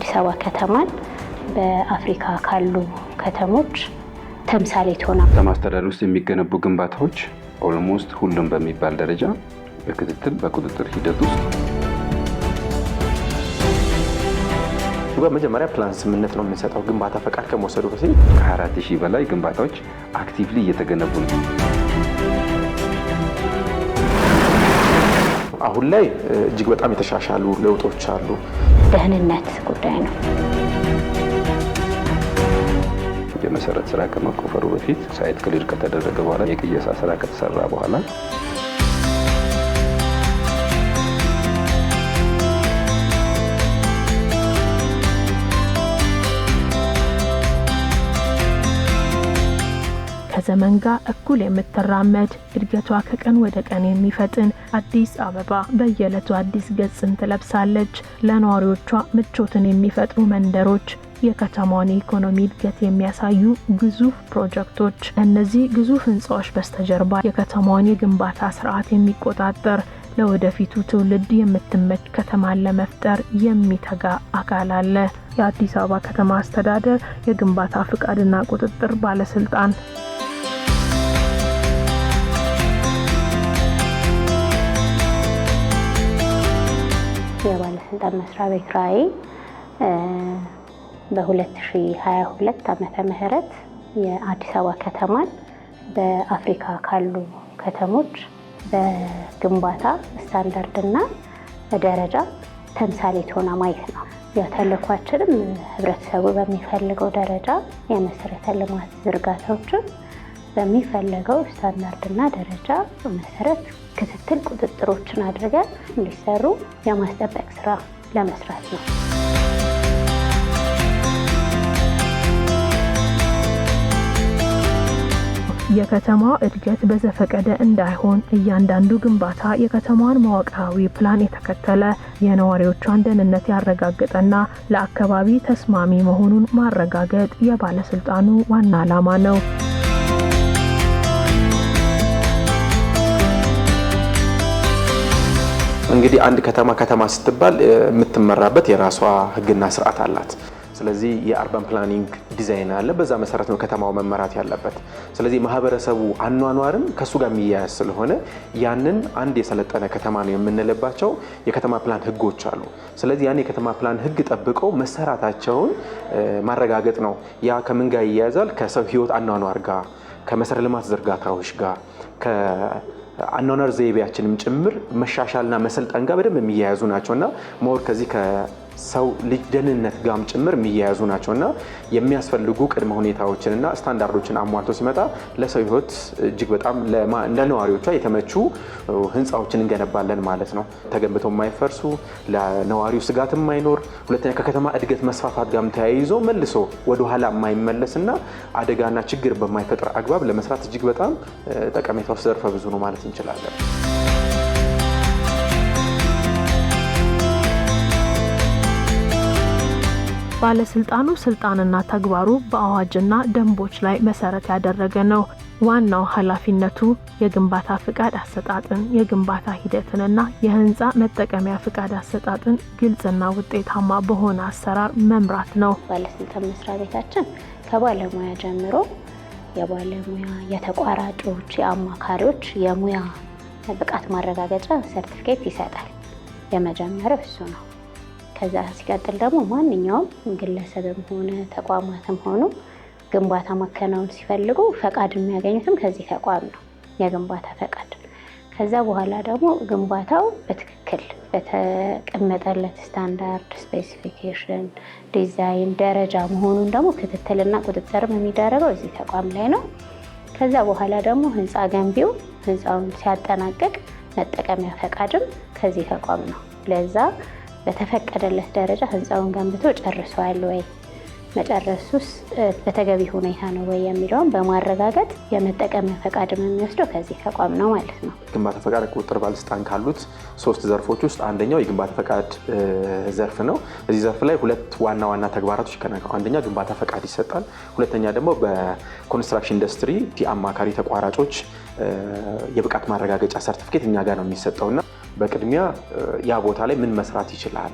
አዲስ አበባ ከተማን በአፍሪካ ካሉ ከተሞች ተምሳሌት ሆና በማስተዳደር ውስጥ የሚገነቡ ግንባታዎች ኦልሞስት ሁሉም በሚባል ደረጃ በክትትል በቁጥጥር ሂደት ውስጥ በመጀመሪያ ፕላን ስምምነት ነው የምንሰጠው። ግንባታ ፈቃድ ከመውሰዱ በፊት ከ4 ሺህ በላይ ግንባታዎች አክቲቭሊ እየተገነቡ ነው። አሁን ላይ እጅግ በጣም የተሻሻሉ ለውጦች አሉ። ደህንነት ጉዳይ ነው። የመሰረት ስራ ከመቆፈሩ በፊት ሳይት ክሊር ከተደረገ በኋላ የቅየሳ ስራ ከተሰራ በኋላ ከዘመን ጋር እኩል የምትራመድ እድገቷ ከቀን ወደ ቀን የሚፈጥን አዲስ አበባ በየዕለቱ አዲስ ገጽን ትለብሳለች። ለነዋሪዎቿ ምቾትን የሚፈጥሩ መንደሮች፣ የከተማዋን የኢኮኖሚ እድገት የሚያሳዩ ግዙፍ ፕሮጀክቶች። እነዚህ ግዙፍ ህንፃዎች በስተጀርባ የከተማዋን የግንባታ ስርዓት የሚቆጣጠር ለወደፊቱ ትውልድ የምትመች ከተማን ለመፍጠር የሚተጋ አካል አለ። የአዲስ አበባ ከተማ አስተዳደር የግንባታ ፍቃድና ቁጥጥር ባለስልጣን የፕሮፓጋንዳ መስሪያ ቤት ራዕይ በ2022 ዓመተ ምህረት የአዲስ አበባ ከተማን በአፍሪካ ካሉ ከተሞች በግንባታ ስታንዳርድ እና ደረጃ ተምሳሌት ሆና ማየት ነው። ያው ህብረተሰቡ በሚፈልገው ደረጃ የመሰረተ ልማት ዝርጋታዎችን በሚፈለገው ስታንዳርድ እና ደረጃ መሰረት ክትትል ቁጥጥሮችን አድርገን እንዲሰሩ የማስጠበቅ ስራ ለመስራት ነው። የከተማዋ እድገት በዘፈቀደ እንዳይሆን እያንዳንዱ ግንባታ የከተማዋን መዋቅራዊ ፕላን የተከተለ የነዋሪዎቿን ደህንነት ያረጋገጠና ለአካባቢ ተስማሚ መሆኑን ማረጋገጥ የባለስልጣኑ ዋና ዓላማ ነው። እንግዲህ አንድ ከተማ ከተማ ስትባል የምትመራበት የራሷ ህግና ስርዓት አላት። ስለዚህ የአርባን ፕላኒንግ ዲዛይን አለ። በዛ መሰረት ነው ከተማው መመራት ያለበት። ስለዚህ ማህበረሰቡ አኗኗርም ከእሱ ጋር የሚያያዝ ስለሆነ ያንን አንድ የሰለጠነ ከተማ ነው የምንልባቸው የከተማ ፕላን ህጎች አሉ። ስለዚህ ያን የከተማ ፕላን ህግ ጠብቀው መሰራታቸውን ማረጋገጥ ነው። ያ ከምን ጋር ይያያዛል? ከሰው ህይወት አኗኗር ጋር፣ ከመሰረተ ልማት ዝርጋታዎች ጋር አኗኗር ዘይቤያችንም ጭምር መሻሻልና መሰልጠን ጋር በደንብ የሚያያዙ ናቸው እና ሞር ከዚህ ሰው ልጅ ደህንነት ጋም ጭምር የሚያያዙ ናቸው እና የሚያስፈልጉ ቅድመ ሁኔታዎችንና ስታንዳርዶችን አሟልቶ ሲመጣ ለሰው ህይወት እጅግ በጣም ለነዋሪዎቿ የተመቹ ህንፃዎችን እንገነባለን ማለት ነው። ተገንብቶ የማይፈርሱ ለነዋሪው ስጋት የማይኖር ሁለተኛ ከከተማ እድገት መስፋፋት ጋም ተያይዞ መልሶ ወደኋላ የማይመለስና አደጋና ችግር በማይፈጥር አግባብ ለመስራት እጅግ በጣም ጠቀሜታው ዘርፈ ብዙ ነው ማለት እንችላለን። ባለስልጣኑ ስልጣንና ተግባሩ በአዋጅና ደንቦች ላይ መሰረት ያደረገ ነው። ዋናው ኃላፊነቱ የግንባታ ፍቃድ አሰጣጥን፣ የግንባታ ሂደትንና የህንፃ መጠቀሚያ ፍቃድ አሰጣጥን ግልጽና ውጤታማ በሆነ አሰራር መምራት ነው። ባለስልጣን መስሪያ ቤታችን ከባለሙያ ጀምሮ የባለሙያ የተቋራጮች፣ የአማካሪዎች የሙያ ብቃት ማረጋገጫ ሰርቲፊኬት ይሰጣል። የመጀመሪያው እሱ ነው። ከዛ ሲቀጥል ደግሞ ማንኛውም ግለሰብም ሆነ ተቋማትም ሆኑ ግንባታ ማከናወን ሲፈልጉ ፈቃድ የሚያገኙትም ከዚህ ተቋም ነው፣ የግንባታ ፈቃድ። ከዛ በኋላ ደግሞ ግንባታው በትክክል በተቀመጠለት ስታንዳርድ፣ ስፔሲፊኬሽን፣ ዲዛይን ደረጃ መሆኑን ደግሞ ክትትልና ቁጥጥርም የሚደረገው እዚህ ተቋም ላይ ነው። ከዛ በኋላ ደግሞ ህንፃ ገንቢው ህንፃውን ሲያጠናቅቅ መጠቀሚያ ፈቃድም ከዚህ ተቋም ነው ለዛ በተፈቀደለት ደረጃ ህንፃውን ገንብቶ ጨርሰዋል ወይ፣ መጨረሱስ በተገቢ ሁኔታ ነው ወይ የሚለውን በማረጋገጥ የመጠቀም ፈቃድ የሚወስደው ከዚህ ተቋም ነው ማለት ነው። ግንባታ ፈቃድ ቁጥጥር ባለስልጣን ካሉት ሶስት ዘርፎች ውስጥ አንደኛው የግንባታ ፈቃድ ዘርፍ ነው። እዚህ ዘርፍ ላይ ሁለት ዋና ዋና ተግባራቶች ይከናቀው፣ አንደኛ ግንባታ ፈቃድ ይሰጣል፣ ሁለተኛ ደግሞ በኮንስትራክሽን ኢንዱስትሪ አማካሪ ተቋራጮች የብቃት ማረጋገጫ ሰርቲፊኬት እኛ ጋር ነው የሚሰጠውና በቅድሚያ ያ ቦታ ላይ ምን መስራት ይችላል፣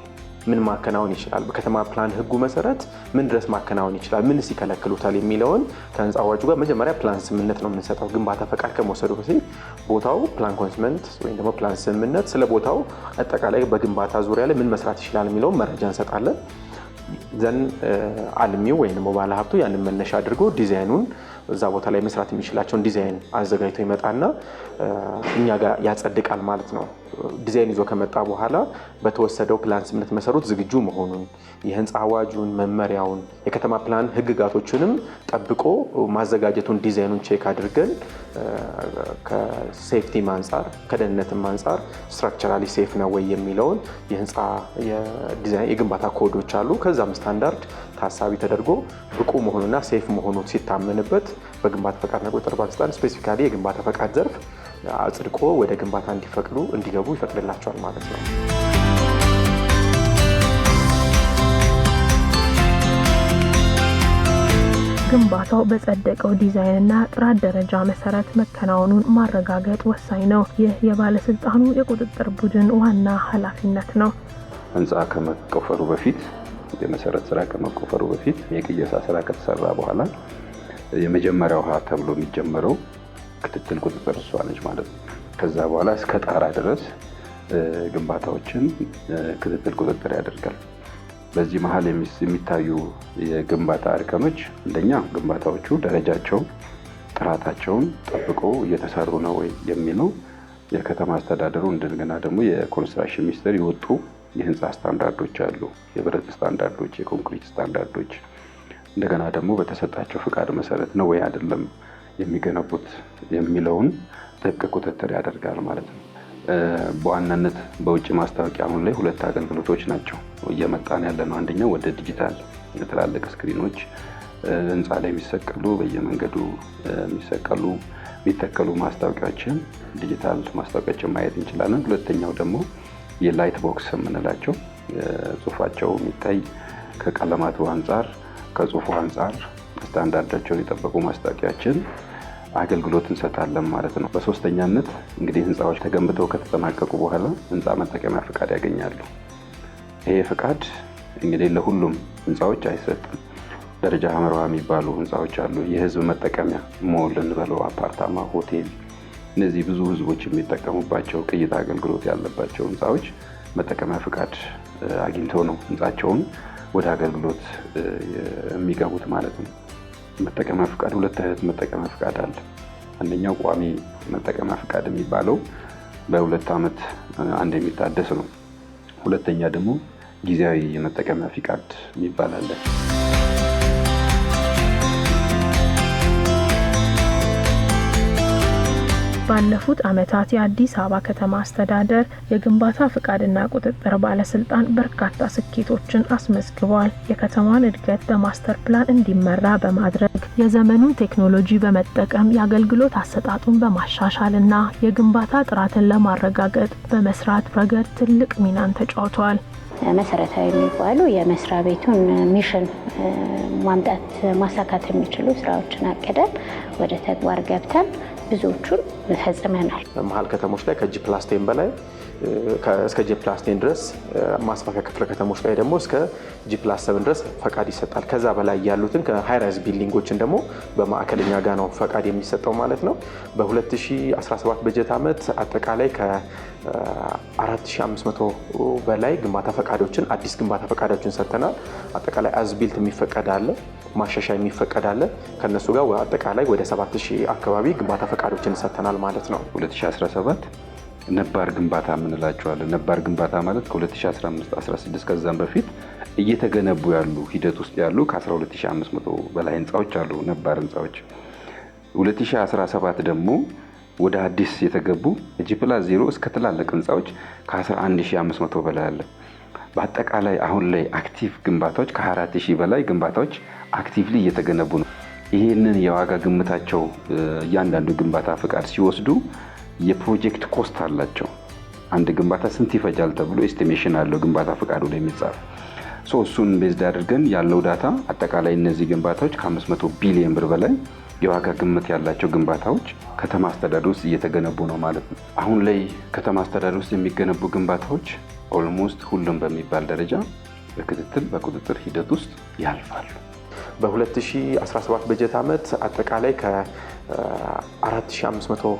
ምን ማከናወን ይችላል፣ በከተማ ፕላን ህጉ መሰረት ምን ድረስ ማከናወን ይችላል፣ ምንስ ይከለክሉታል የሚለውን ከህንፃ አዋጁ ጋር መጀመሪያ ፕላን ስምምነት ነው የምንሰጠው። ግንባታ ፈቃድ ከመውሰዱ በፊት ቦታው ፕላን ኮንስመንት ወይም ደግሞ ፕላን ስምምነት ስለ ቦታው አጠቃላይ በግንባታ ዙሪያ ላይ ምን መስራት ይችላል የሚለውን መረጃ እንሰጣለን። ዘን አልሚው ወይም ባለሀብቱ ያንን መነሻ አድርጎ ዲዛይኑን እዛ ቦታ ላይ መስራት የሚችላቸውን ዲዛይን አዘጋጅቶ ይመጣና እኛ ጋር ያጸድቃል ማለት ነው። ዲዛይን ይዞ ከመጣ በኋላ በተወሰደው ፕላን ስምነት መሰረት ዝግጁ መሆኑን የህንፃ አዋጁን፣ መመሪያውን፣ የከተማ ፕላን ህግጋቶችንም ጠብቆ ማዘጋጀቱን ዲዛይኑን ቼክ አድርገን ከሴፍቲም አንጻር ከደህንነትም አንጻር ስትራክቸራሊ ሴፍ ነው ወይ የሚለውን የህንፃ የግንባታ ኮዶች አሉ። ከዛም ስታንዳርድ ታሳቢ ተደርጎ ብቁ መሆኑና ሴፍ መሆኑ ሲታመንበት በግንባታ ፈቃድና ቁጥጥር ባለስልጣን ስፔሲፊካሊ የግንባታ ፈቃድ ዘርፍ አጽድቆ ወደ ግንባታ እንዲፈቅዱ እንዲገቡ ይፈቅድላቸዋል ማለት ነው። ግንባታው በጸደቀው ዲዛይንና ጥራት ደረጃ መሰረት መከናወኑን ማረጋገጥ ወሳኝ ነው። ይህ የባለስልጣኑ የቁጥጥር ቡድን ዋና ኃላፊነት ነው። ህንፃ ከመቆፈሩ በፊት የመሰረት ስራ ከመቆፈሩ በፊት የቅየሳ ስራ ከተሰራ በኋላ የመጀመሪያ ውሃ ተብሎ የሚጀመረው ክትትል ቁጥጥር እሷ ነች ማለት ነው። ከዛ በኋላ እስከ ጣራ ድረስ ግንባታዎችን ክትትል ቁጥጥር ያደርጋል። በዚህ መሀል የሚታዩ የግንባታ እርከኖች አንደኛ ግንባታዎቹ ደረጃቸው ጥራታቸውን ጠብቆ እየተሰሩ ነው ወይ የሚለው የከተማ አስተዳደሩ እንደገና ደግሞ የኮንስትራክሽን ሚኒስቴር የወጡ የህንፃ ስታንዳርዶች አሉ። የብረት ስታንዳርዶች፣ የኮንክሪት ስታንዳርዶች እንደገና ደግሞ በተሰጣቸው ፍቃድ መሰረት ነው ወይ አይደለም የሚገነቡት የሚለውን ጥብቅ ቁጥጥር ያደርጋል ማለት ነው። በዋናነት በውጭ ማስታወቂያ አሁን ላይ ሁለት አገልግሎቶች ናቸው እየመጣን ያለ ነው። አንደኛው ወደ ዲጂታል ትላልቅ ስክሪኖች ህንፃ ላይ የሚሰቀሉ በየመንገዱ የሚሰቀሉ የሚተከሉ ማስታወቂያዎችን ዲጂታል ማስታወቂያዎችን ማየት እንችላለን። ሁለተኛው ደግሞ የላይት ቦክስ የምንላቸው ጽሁፋቸው የሚታይ ከቀለማቱ አንጻር ከጽሁፉ አንጻር ስታንዳርዳቸውን የጠበቁ ማስታወቂያችን አገልግሎት እንሰጣለን ማለት ነው። በሶስተኛነት እንግዲህ ህንፃዎች ተገንብተው ከተጠናቀቁ በኋላ ህንፃ መጠቀሚያ ፍቃድ ያገኛሉ። ይሄ ፍቃድ እንግዲህ ለሁሉም ህንፃዎች አይሰጥም። ደረጃ ሀመርሃ የሚባሉ ህንፃዎች አሉ። የህዝብ መጠቀሚያ ሞል እንበለው፣ አፓርታማ፣ ሆቴል እነዚህ ብዙ ህዝቦች የሚጠቀሙባቸው ቅይታ አገልግሎት ያለባቸው ህንፃዎች መጠቀሚያ ፍቃድ አግኝተው ነው ህንፃቸውን ወደ አገልግሎት የሚገቡት ማለት ነው። መጠቀሚያ ፍቃድ ሁለት አይነት መጠቀሚያ ፍቃድ አለ። አንደኛው ቋሚ መጠቀሚያ ፍቃድ የሚባለው በሁለት ዓመት አንድ የሚታደስ ነው። ሁለተኛ ደግሞ ጊዜያዊ የመጠቀሚያ ፍቃድ የሚባል አለ። ባለፉት ዓመታት የአዲስ አበባ ከተማ አስተዳደር የግንባታ ፍቃድና ቁጥጥር ባለስልጣን በርካታ ስኬቶችን አስመዝግቧል። የከተማዋን እድገት በማስተር ፕላን እንዲመራ በማድረግ የዘመኑን ቴክኖሎጂ በመጠቀም የአገልግሎት አሰጣጡን በማሻሻልና የግንባታ ጥራትን ለማረጋገጥ በመስራት ረገድ ትልቅ ሚናን ተጫውቷል። መሰረታዊ የሚባሉ የመስሪያ ቤቱን ሚሽን ማምጣት ማሳካት የሚችሉ ስራዎችን አቅደን ወደ ተግባር ገብተን ብዙዎቹን ፈጽመናል። መሀል ከተሞች ላይ ከጂ ፕላስ ቴን በላይ እስከ ጂፕላስ ቴን ድረስ ማስፋፊያ ክፍለ ከተሞች ላይ ደግሞ እስከ ጂፕላስ ሰብን ድረስ ፈቃድ ይሰጣል። ከዛ በላይ ያሉትን ከሃይራይዝ ቢልዲንጎችን ደግሞ በማዕከለኛ ጋ ነው ፈቃድ የሚሰጠው ማለት ነው። በ2017 በጀት ዓመት አጠቃላይ ከ4500 በላይ ግንባታ ፈቃዶችን አዲስ ግንባታ ፈቃዶችን ሰጥተናል። አጠቃላይ አዝቢልት የሚፈቀድ አለ፣ ማሻሻያ የሚፈቀድ አለ። ከእነሱ ጋር አጠቃላይ ወደ 7000 አካባቢ ግንባታ ፈቃዶችን ሰጥተናል ማለት ነው 2017 ነባር ግንባታ የምንላቸዋለን። ነባር ግንባታ ማለት ከ2015 16 ከዛም በፊት እየተገነቡ ያሉ ሂደት ውስጥ ያሉ ከ12500 በላይ ህንፃዎች አሉ፣ ነባር ህንፃዎች። 2017 ደግሞ ወደ አዲስ የተገቡ ጂፕላ ዜሮ እስከ ትላልቅ ህንፃዎች ከ11500 በላይ አለ። በአጠቃላይ አሁን ላይ አክቲቭ ግንባታዎች ከ24000 በላይ ግንባታዎች አክቲቭሊ እየተገነቡ ነው። ይህንን የዋጋ ግምታቸው እያንዳንዱ ግንባታ ፍቃድ ሲወስዱ የፕሮጀክት ኮስት አላቸው። አንድ ግንባታ ስንት ይፈጃል ተብሎ ኤስቲሜሽን አለው ግንባታ ፈቃዱ ላይ የሚጻፍ እሱን ቤዝድ አድርገን ያለው ዳታ አጠቃላይ እነዚህ ግንባታዎች ከ500 ቢሊዮን ብር በላይ የዋጋ ግምት ያላቸው ግንባታዎች ከተማ አስተዳደር ውስጥ እየተገነቡ ነው ማለት ነው። አሁን ላይ ከተማ አስተዳደር ውስጥ የሚገነቡ ግንባታዎች ኦልሞስት ሁሉም በሚባል ደረጃ በክትትል በቁጥጥር ሂደት ውስጥ ያልፋሉ። በ2017 በጀት ዓመት አጠቃላይ ከ4500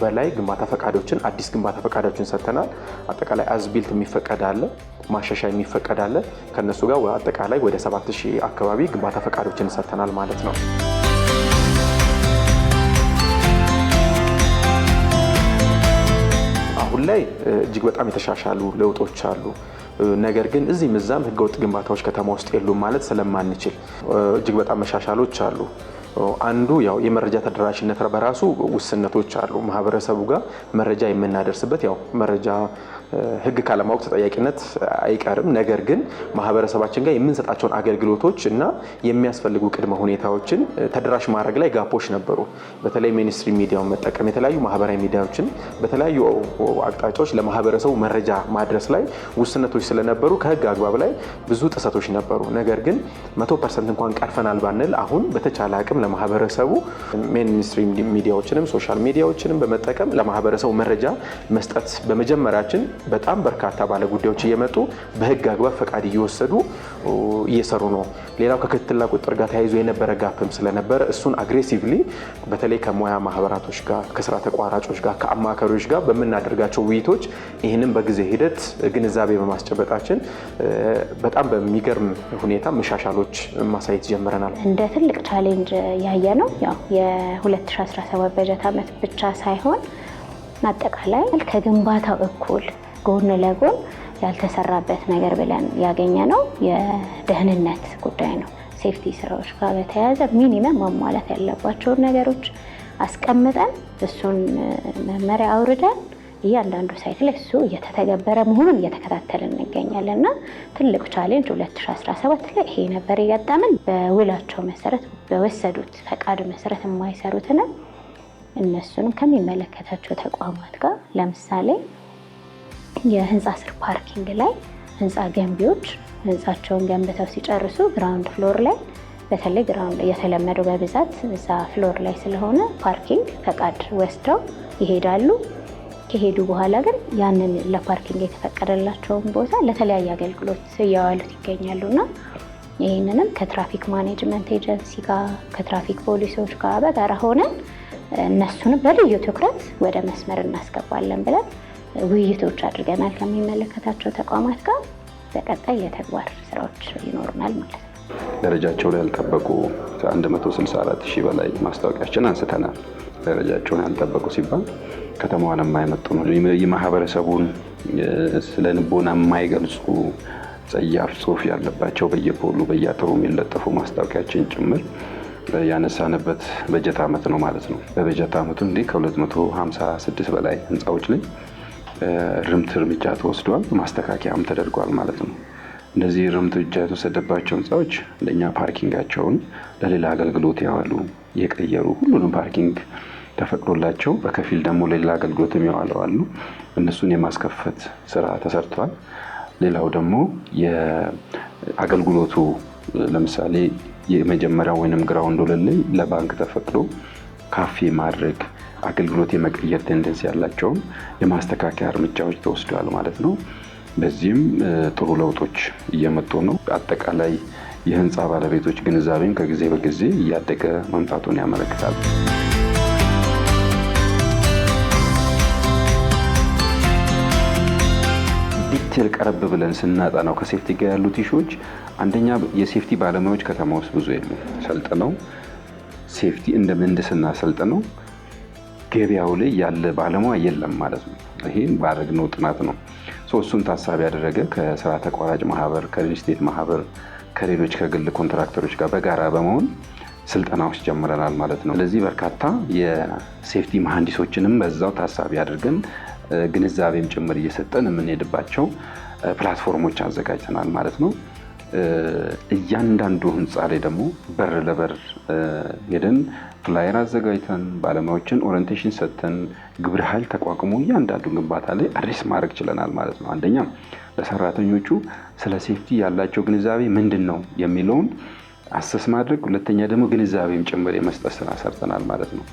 በላይ ግንባታ ፈቃዶችን አዲስ ግንባታ ፈቃዶችን ሰጥተናል። አጠቃላይ አዝቢልት የሚፈቀድ አለ፣ ማሻሻያ የሚፈቀድ አለ። ከእነሱ ጋር አጠቃላይ ወደ 7000 አካባቢ ግንባታ ፈቃዶችን ሰጥተናል ማለት ነው። አሁን ላይ እጅግ በጣም የተሻሻሉ ለውጦች አሉ። ነገር ግን እዚህም እዛም ህገወጥ ግንባታዎች ከተማ ውስጥ የሉም ማለት ስለማንችል እጅግ በጣም መሻሻሎች አሉ። አንዱ ያው የመረጃ ተደራሽነት በራሱ ውስነቶች አሉ። ማህበረሰቡ ጋር መረጃ የምናደርስበት ያው መረጃ ህግ ካለማወቅ ተጠያቂነት አይቀርም። ነገር ግን ማህበረሰባችን ጋር የምንሰጣቸውን አገልግሎቶች እና የሚያስፈልጉ ቅድመ ሁኔታዎችን ተደራሽ ማድረግ ላይ ጋፖች ነበሩ። በተለይ ሚኒስትሪ ሚዲያውን መጠቀም፣ የተለያዩ ማህበራዊ ሚዲያዎችን በተለያዩ አቅጣጫዎች ለማህበረሰቡ መረጃ ማድረስ ላይ ውስነቶች ስለነበሩ ከህግ አግባብ ላይ ብዙ ጥሰቶች ነበሩ። ነገር ግን መቶ ፐርሰንት እንኳን ቀርፈናል ባንል አሁን በተቻለ አቅም ለማህበረሰቡ ሜን ሚዲያዎችንም ሶሻል ሚዲያዎችንም በመጠቀም ለማህበረሰቡ መረጃ መስጠት በመጀመራችን በጣም በርካታ ባለጉዳዮች እየመጡ በህግ አግባብ ፈቃድ እየወሰዱ እየሰሩ ነው። ሌላው ከክትትልና ቁጥጥር ጋር ተያይዞ የነበረ ጋፕም ስለነበረ እሱን አግሬሲቭሊ በተለይ ከሙያ ማህበራቶች ጋር ከስራ ተቋራጮች ጋር ከአማካሪዎች ጋር በምናደርጋቸው ውይይቶች ይህንም በጊዜ ሂደት ግንዛቤ በማስጨበጣችን በጣም በሚገርም ሁኔታ መሻሻሎች ማሳየት ጀምረናል። እንደ ትልቅ ቻሌንጅ ያየ ነው ያው የ2017 በጀት ዓመት ብቻ ሳይሆን አጠቃላይ ከግንባታው እኩል ጎን ለጎን ያልተሰራበት ነገር ብለን ያገኘ ነው የደህንነት ጉዳይ ነው። ሴፍቲ ስራዎች ጋር በተያያዘ ሚኒመም መሟላት ያለባቸውን ነገሮች አስቀምጠን እሱን መመሪያ አውርደን እያንዳንዱ ሳይት ላይ እሱ እየተተገበረ መሆኑን እየተከታተልን እንገኛለን እና ትልቅ ቻሌንጅ 2017 ላይ ይሄ ነበር የገጠምን። በውላቸው መሰረት በወሰዱት ፈቃድ መሰረት የማይሰሩትንም እነሱንም ከሚመለከታቸው ተቋማት ጋር ለምሳሌ የህንፃ ስር ፓርኪንግ ላይ ህንፃ ገንቢዎች ህንፃቸውን ገንብተው ሲጨርሱ ግራውንድ ፍሎር ላይ በተለይ ግራውንድ የተለመደው በብዛት እዛ ፍሎር ላይ ስለሆነ ፓርኪንግ ፈቃድ ወስደው ይሄዳሉ። ከሄዱ በኋላ ግን ያንን ለፓርኪንግ የተፈቀደላቸውን ቦታ ለተለያየ አገልግሎት እያዋሉት ይገኛሉና ይህንንም ከትራፊክ ማኔጅመንት ኤጀንሲ ጋር ከትራፊክ ፖሊሶች ጋር በጋራ ሆነን እነሱንም በልዩ ትኩረት ወደ መስመር እናስገባለን ብለን ውይይቶች አድርገናል ከሚመለከታቸው ተቋማት ጋር። በቀጣይ የተግባር ስራዎች ይኖሩናል ማለት ነው። ላይ ያልጠበቁ ከ164 ሺህ በላይ ማስታወቂያችን አንስተናል። ደረጃቸውን ያልጠበቁ ሲባል ከተማዋን የማይመጡ ነው፣ የማህበረሰቡን ስለ ንቦና የማይገልጹ ጸያፍ ጽሁፍ ያለባቸው በየፖሉ በየአጥሩ የሚለጠፉ ማስታወቂያችን ጭምር ያነሳንበት በጀት ዓመት ነው ማለት ነው። በበጀት ዓመቱ እንዲህ ከ256 በላይ ህንፃዎች ላይ ርምት እርምጃ ተወስዷል፣ ማስተካከያም ተደርጓል ማለት ነው። እንደዚህ ርምት እርምጃ የተወሰደባቸው ህንፃዎች እንደኛ ፓርኪንጋቸውን ለሌላ አገልግሎት ያዋሉ የቀየሩ ሁሉንም ፓርኪንግ ተፈቅዶላቸው በከፊል ደግሞ ለሌላ አገልግሎትም የሚዋለው አሉ። እነሱን የማስከፈት ስራ ተሰርቷል። ሌላው ደግሞ የአገልግሎቱ ለምሳሌ የመጀመሪያው ወይንም ግራውንድ ወለል ላይ ለባንክ ተፈቅዶ ካፌ ማድረግ አገልግሎት የመቀየር ቴንደንስ ያላቸውም የማስተካከያ እርምጃዎች ተወስደዋል ማለት ነው። በዚህም ጥሩ ለውጦች እየመጡ ነው። አጠቃላይ የህንፃ ባለቤቶች ግንዛቤም ከጊዜ በጊዜ እያደገ መምጣቱን ያመለክታል። ዲቴል ቀረብ ብለን ስናጠናው ከሴፍቲ ጋር ያሉት ኢሹዎች አንደኛ የሴፍቲ ባለሙያዎች ከተማ ውስጥ ብዙ የሉ። ሰልጥነው ሴፍቲ እንደ ምህንድስና ሰልጥነው ገበያው ላይ ያለ ባለሙያ የለም ማለት ነው። ይህም ባደረግነው ጥናት ነው። እሱን ታሳቢ ያደረገ ከስራ ተቋራጭ ማህበር፣ ከሪል ስቴት ማህበር፣ ከሌሎች ከግል ኮንትራክተሮች ጋር በጋራ በመሆን ስልጠናዎች ጀምረናል ማለት ነው። ስለዚህ በርካታ የሴፍቲ መሐንዲሶችንም በዛው ታሳቢ አድርገን ግንዛቤም ጭምር እየሰጠን የምንሄድባቸው ፕላትፎርሞች አዘጋጅተናል ማለት ነው። እያንዳንዱ ህንፃ ላይ ደግሞ በር ለበር ሄደን ፍላየር አዘጋጅተን ባለሙያዎችን ኦሪንቴሽን ሰጥተን ግብረ ኃይል ተቋቁሞ እያንዳንዱ ግንባታ ላይ አድሬስ ማድረግ ችለናል ማለት ነው። አንደኛ ለሰራተኞቹ ስለ ሴፍቲ ያላቸው ግንዛቤ ምንድን ነው የሚለውን አሰስ ማድረግ፣ ሁለተኛ ደግሞ ግንዛቤም ጭምር የመስጠት ስራ ሰርተናል ማለት ነው።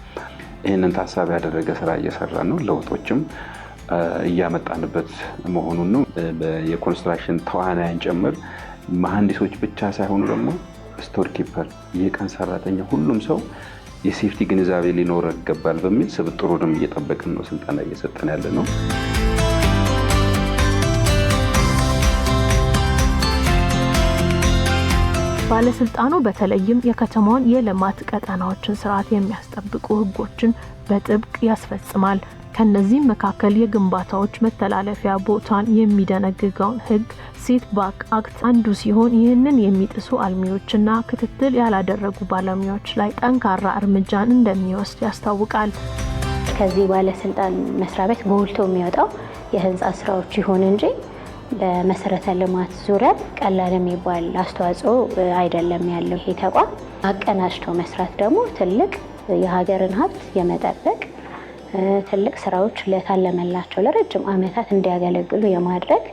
ይህንን ታሳቢ ያደረገ ስራ እየሰራ ነው። ለውጦችም እያመጣንበት መሆኑን ነው። የኮንስትራክሽን ተዋናያን ጭምር መሀንዲሶች ብቻ ሳይሆኑ ደግሞ ስቶር ኪፐር፣ የቀን ሰራተኛ፣ ሁሉም ሰው የሴፍቲ ግንዛቤ ሊኖር ይገባል በሚል ስብጥሩንም እየጠበቅን ነው፣ ስልጠና እየሰጠን ያለ ነው። ባለስልጣኑ በተለይም የከተማውን የልማት ቀጠናዎችን ስርዓት የሚያስጠብቁ ህጎችን በጥብቅ ያስፈጽማል። ከነዚህም መካከል የግንባታዎች መተላለፊያ ቦታን የሚደነግገውን ህግ ሴት ባክ አክት አንዱ ሲሆን ይህንን የሚጥሱ አልሚዎችና ክትትል ያላደረጉ ባለሙያዎች ላይ ጠንካራ እርምጃን እንደሚወስድ ያስታውቃል። ከዚህ ባለስልጣን መስሪያ ቤት ጎልቶ የሚወጣው የህንፃ ስራዎች ይሁን እንጂ በመሰረተ ልማት ዙሪያ ቀላል የሚባል አስተዋጽኦ አይደለም ያለው ይሄ ተቋም። አቀናጅቶ መስራት ደግሞ ትልቅ የሀገርን ሀብት የመጠበቅ ትልቅ ስራዎች ለታለመላቸው ለረጅም ዓመታት እንዲያገለግሉ የማድረግ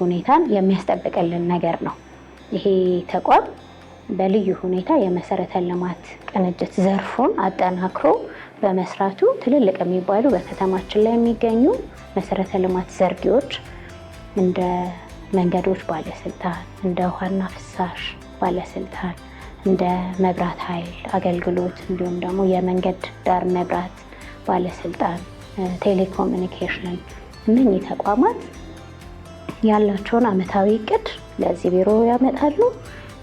ሁኔታን የሚያስጠብቅልን ነገር ነው። ይሄ ተቋም በልዩ ሁኔታ የመሰረተ ልማት ቅንጅት ዘርፉን አጠናክሮ በመስራቱ ትልልቅ የሚባሉ በከተማችን ላይ የሚገኙ መሰረተ ልማት ዘርጊዎች እንደ መንገዶች ባለስልጣን፣ እንደ ውሃና ፍሳሽ ባለስልጣን፣ እንደ መብራት ኃይል አገልግሎት እንዲሁም ደግሞ የመንገድ ዳር መብራት ባለስልጣን፣ ቴሌኮሙኒኬሽን እነኚህ ተቋማት ያላቸውን አመታዊ እቅድ ለዚህ ቢሮ ያመጣሉ።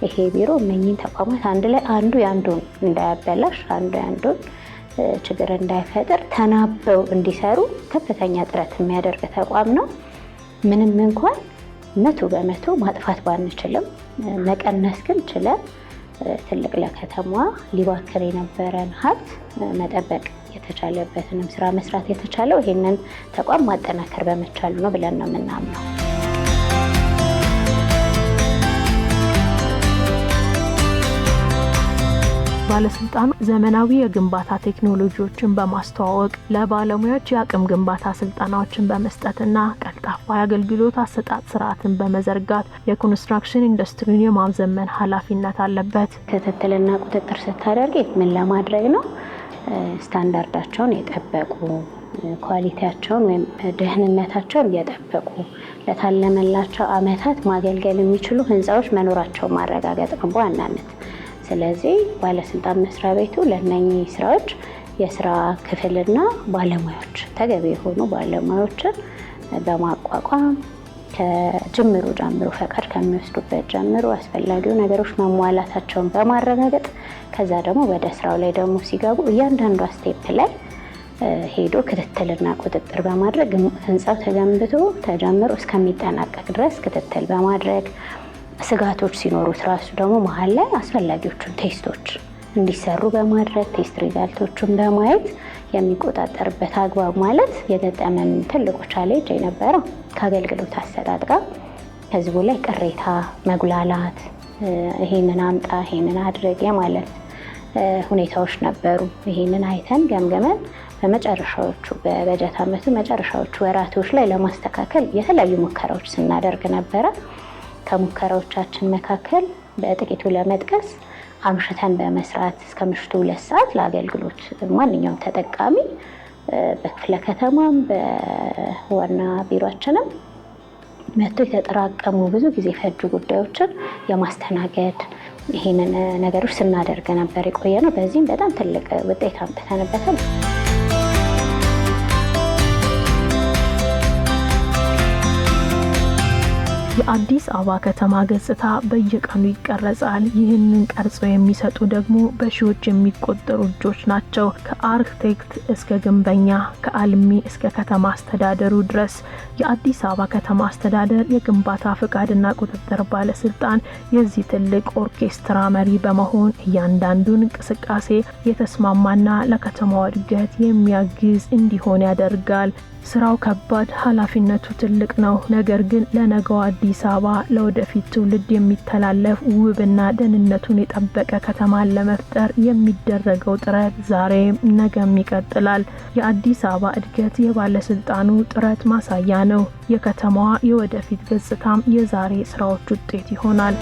ይሄ ቢሮ እነኚህን ተቋማት አንድ ላይ አንዱ የአንዱን እንዳያበላሽ፣ አንዱ የአንዱን ችግር እንዳይፈጥር ተናበው እንዲሰሩ ከፍተኛ ጥረት የሚያደርግ ተቋም ነው። ምንም እንኳን መቶ በመቶ ማጥፋት ባንችልም መቀነስ ግን ችለን ትልቅ ለከተማ ሊባክር የነበረን ሀብት መጠበቅ የተቻለበትንም ስራ መስራት የተቻለው ይህንን ተቋም ማጠናከር በመቻሉ ነው ብለን ነው የምናምነው። ባለስልጣኑ ዘመናዊ የግንባታ ቴክኖሎጂዎችን በማስተዋወቅ ለባለሙያዎች የአቅም ግንባታ ስልጠናዎችን በመስጠትና ቀልጣፋ የአገልግሎት አሰጣጥ ስርዓትን በመዘርጋት የኮንስትራክሽን ኢንዱስትሪን የማዘመን ኃላፊነት አለበት። ክትትልና ቁጥጥር ስታደርግ ምን ለማድረግ ነው? ስታንዳርዳቸውን የጠበቁ ኳሊቲያቸውን ወይም ደህንነታቸውን የጠበቁ ለታለመላቸው አመታት ማገልገል የሚችሉ ህንፃዎች መኖራቸውን ማረጋገጥ ነው በዋናነት። ስለዚህ ባለስልጣን መስሪያ ቤቱ ለእነኚህ ስራዎች የስራ ክፍልና ባለሙያዎች ተገቢ የሆኑ ባለሙያዎችን በማቋቋም ከጅምሩ ጀምሮ ፈቃድ ከሚወስዱበት ጀምሮ አስፈላጊው ነገሮች መሟላታቸውን በማረጋገጥ ከዛ ደግሞ ወደ ስራው ላይ ደግሞ ሲገቡ እያንዳንዷ ስቴፕ ላይ ሄዶ ክትትልና ቁጥጥር በማድረግ ህንፃው ተገንብቶ ተጀምሮ እስከሚጠናቀቅ ድረስ ክትትል በማድረግ ስጋቶች ሲኖሩት ራሱ ደግሞ መሀል ላይ አስፈላጊዎቹን ቴስቶች እንዲሰሩ በማድረግ ቴስት ሪዛልቶቹን በማየት የሚቆጣጠርበት አግባብ ማለት የገጠመን ትልቁ ቻሌንጅ የነበረው ከአገልግሎት አሰጣጥ ጋር ህዝቡ ላይ ቅሬታ፣ መጉላላት፣ ይሄንን አምጣ ይሄንን አድርግ የማለት ሁኔታዎች ነበሩ። ይሄንን አይተን ገምገመን በመጨረሻዎቹ በበጀት ዓመቱ መጨረሻዎቹ ወራቶች ላይ ለማስተካከል የተለያዩ ሙከራዎች ስናደርግ ነበረ። ከሙከራዎቻችን መካከል በጥቂቱ ለመጥቀስ አምሽተን በመስራት እስከ ምሽቱ ሁለት ሰዓት ለአገልግሎት ማንኛውም ተጠቃሚ በክፍለ ከተማም በዋና ቢሮችንም መቶ የተጠራቀሙ ብዙ ጊዜ ፈጁ ጉዳዮችን የማስተናገድ ይህንን ነገሮች ስናደርግ ነበር የቆየ ነው። በዚህም በጣም ትልቅ ውጤት አምጥተንበታል። የአዲስ አበባ ከተማ ገጽታ በየቀኑ ይቀረጻል። ይህንን ቀርጸው የሚሰጡ ደግሞ በሺዎች የሚቆጠሩ እጆች ናቸው። ከአርክቴክት እስከ ግንበኛ፣ ከአልሚ እስከ ከተማ አስተዳደሩ ድረስ የአዲስ አበባ ከተማ አስተዳደር የግንባታ ፍቃድና ቁጥጥር ባለስልጣን የዚህ ትልቅ ኦርኬስትራ መሪ በመሆን እያንዳንዱን እንቅስቃሴ የተስማማና ለከተማዋ እድገት የሚያግዝ እንዲሆን ያደርጋል። ስራው ከባድ፣ ኃላፊነቱ ትልቅ ነው። ነገር ግን ለነገው አዲስ አበባ ለወደፊት ትውልድ የሚተላለፍ ውብና ደህንነቱን የጠበቀ ከተማን ለመፍጠር የሚደረገው ጥረት ዛሬም ነገም ይቀጥላል። የአዲስ አበባ እድገት የባለስልጣኑ ጥረት ማሳያ ነው። የከተማዋ የወደፊት ገጽታም የዛሬ ስራዎች ውጤት ይሆናል።